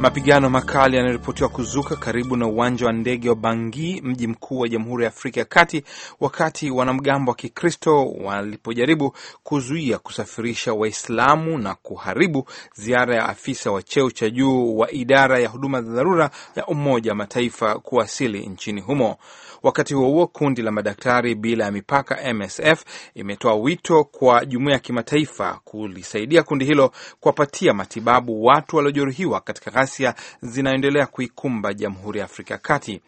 Mapigano makali yanaripotiwa kuzuka karibu na uwanja wa ndege wa bangi mji mkuu wa Jamhuri ya Afrika ya Kati, wakati wanamgambo wa Kikristo walipojaribu kuzuia kusafirisha Waislamu na kuharibu ziara ya afisa wa cheo cha juu wa idara ya huduma za dharura ya Umoja wa Mataifa kuwasili nchini humo. Wakati huo huo, kundi la madaktari bila ya mipaka MSF imetoa wito kwa jumuiya ya kimataifa kulisaidia kundi hilo kuwapatia matibabu watu waliojeruhiwa katika ghasia zinaendelea kuikumba Jamhuri ya Afrika ya Kati.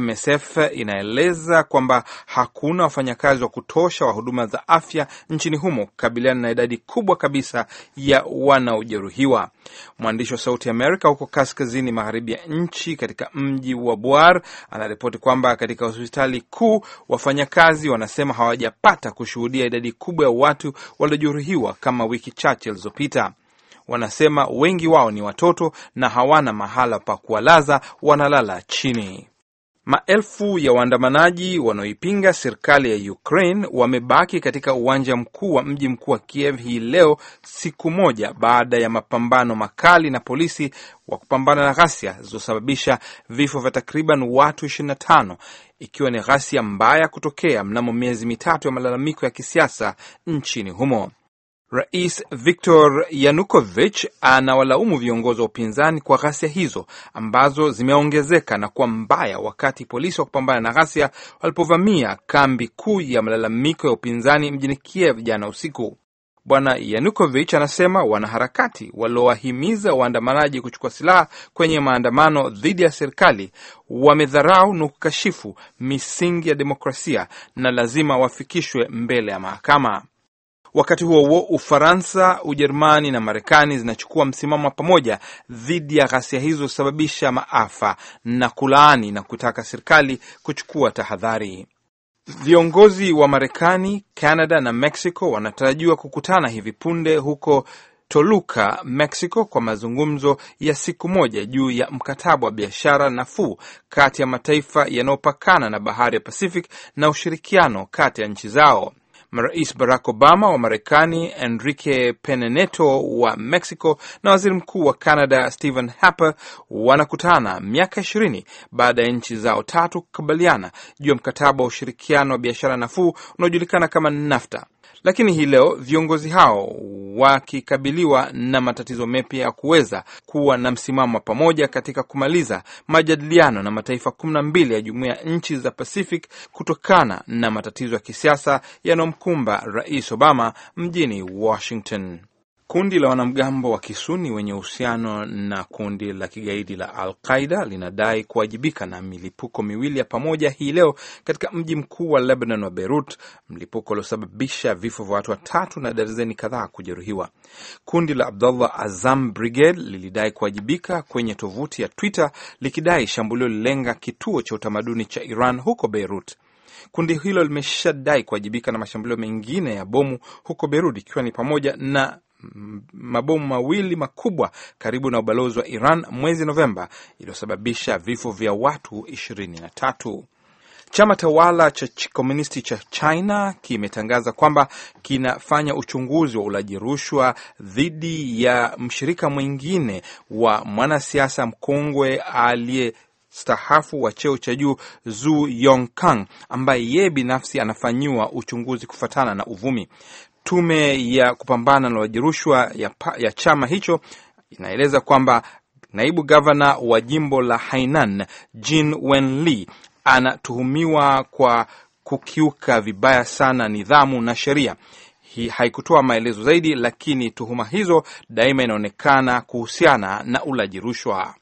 MSF inaeleza kwamba hakuna wafanyakazi wa kutosha wa huduma za afya nchini humo kukabiliana na idadi kubwa kabisa ya wanaojeruhiwa. Mwandishi wa Sauti Amerika huko kaskazini magharibi ya nchi katika mji wa Bwar anaripoti kwamba katika hospitali kuu wafanyakazi wanasema hawajapata kushuhudia idadi kubwa ya watu waliojeruhiwa kama wiki chache zilizopita. Wanasema wengi wao ni watoto na hawana mahala pa kuwalaza, wanalala chini. Maelfu ya waandamanaji wanaoipinga serikali ya Ukraine wamebaki katika uwanja mkuu wa mji mkuu wa Kiev hii leo, siku moja baada ya mapambano makali na polisi wa kupambana na ghasia zilizosababisha vifo vya takriban watu 25 ikiwa ni ghasia mbaya kutokea mnamo miezi mitatu ya malalamiko ya kisiasa nchini humo. Rais Viktor yanukovich anawalaumu viongozi wa upinzani kwa ghasia hizo ambazo zimeongezeka na kuwa mbaya, wakati polisi wa kupambana na ghasia walipovamia kambi kuu ya malalamiko ya upinzani mjini Kiev jana usiku. Bwana yanukovich anasema wanaharakati waliowahimiza waandamanaji kuchukua silaha kwenye maandamano dhidi ya serikali wamedharau na kukashifu misingi ya demokrasia na lazima wafikishwe mbele ya mahakama. Wakati huo huo, Ufaransa, Ujerumani na Marekani zinachukua msimamo pamoja dhidi ya ghasia hizo husababisha maafa na kulaani na kutaka serikali kuchukua tahadhari. Viongozi wa Marekani, Canada na Mexico wanatarajiwa kukutana hivi punde huko Toluca, Mexico, kwa mazungumzo ya siku moja juu ya mkataba wa biashara nafuu kati ya mataifa yanayopakana na bahari ya Pacific na ushirikiano kati ya nchi zao. Rais Barack Obama wa Marekani, Enrique Peneneto wa Mexico na waziri mkuu wa Canada Stephen Harper wanakutana miaka ishirini baada ya nchi zao tatu kukubaliana juu ya mkataba wa ushirikiano wa biashara nafuu unaojulikana kama NAFTA. Lakini hii leo viongozi hao wakikabiliwa na matatizo mapya ya kuweza kuwa na msimamo pamoja katika kumaliza majadiliano na mataifa kumi na mbili ya jumuiya ya nchi za Pacific kutokana na matatizo ya kisiasa yanayomkumba Rais Obama mjini Washington. Kundi la wanamgambo wa kisuni wenye uhusiano na kundi la kigaidi la Al Qaida linadai kuwajibika na milipuko miwili ya pamoja hii leo katika mji mkuu wa Lebanon wa Beirut, mlipuko uliosababisha vifo vya watu watatu na darzeni kadhaa kujeruhiwa. Kundi la Abdullah Azam Brigade lilidai kuwajibika kwenye tovuti ya Twitter likidai shambulio lilenga kituo cha utamaduni cha Iran huko Beirut. Kundi hilo limeshadai kuwajibika na mashambulio mengine ya bomu huko Beirut, ikiwa ni pamoja na mabomu mawili makubwa karibu na ubalozi wa Iran mwezi Novemba iliyosababisha vifo vya watu ishirini na tatu. Chama tawala cha komunisti cha China kimetangaza kwamba kinafanya uchunguzi wa ulaji rushwa dhidi ya mshirika mwingine wa mwanasiasa mkongwe aliye stahafu wa cheo cha juu Zu Yongkang ambaye yeye binafsi anafanyiwa uchunguzi kufuatana na uvumi. Tume ya kupambana na ulaji rushwa ya, ya chama hicho inaeleza kwamba naibu gavana wa jimbo la Hainan Jin Wenli anatuhumiwa kwa kukiuka vibaya sana nidhamu na sheria. Hii haikutoa maelezo zaidi, lakini tuhuma hizo daima inaonekana kuhusiana na ulaji rushwa.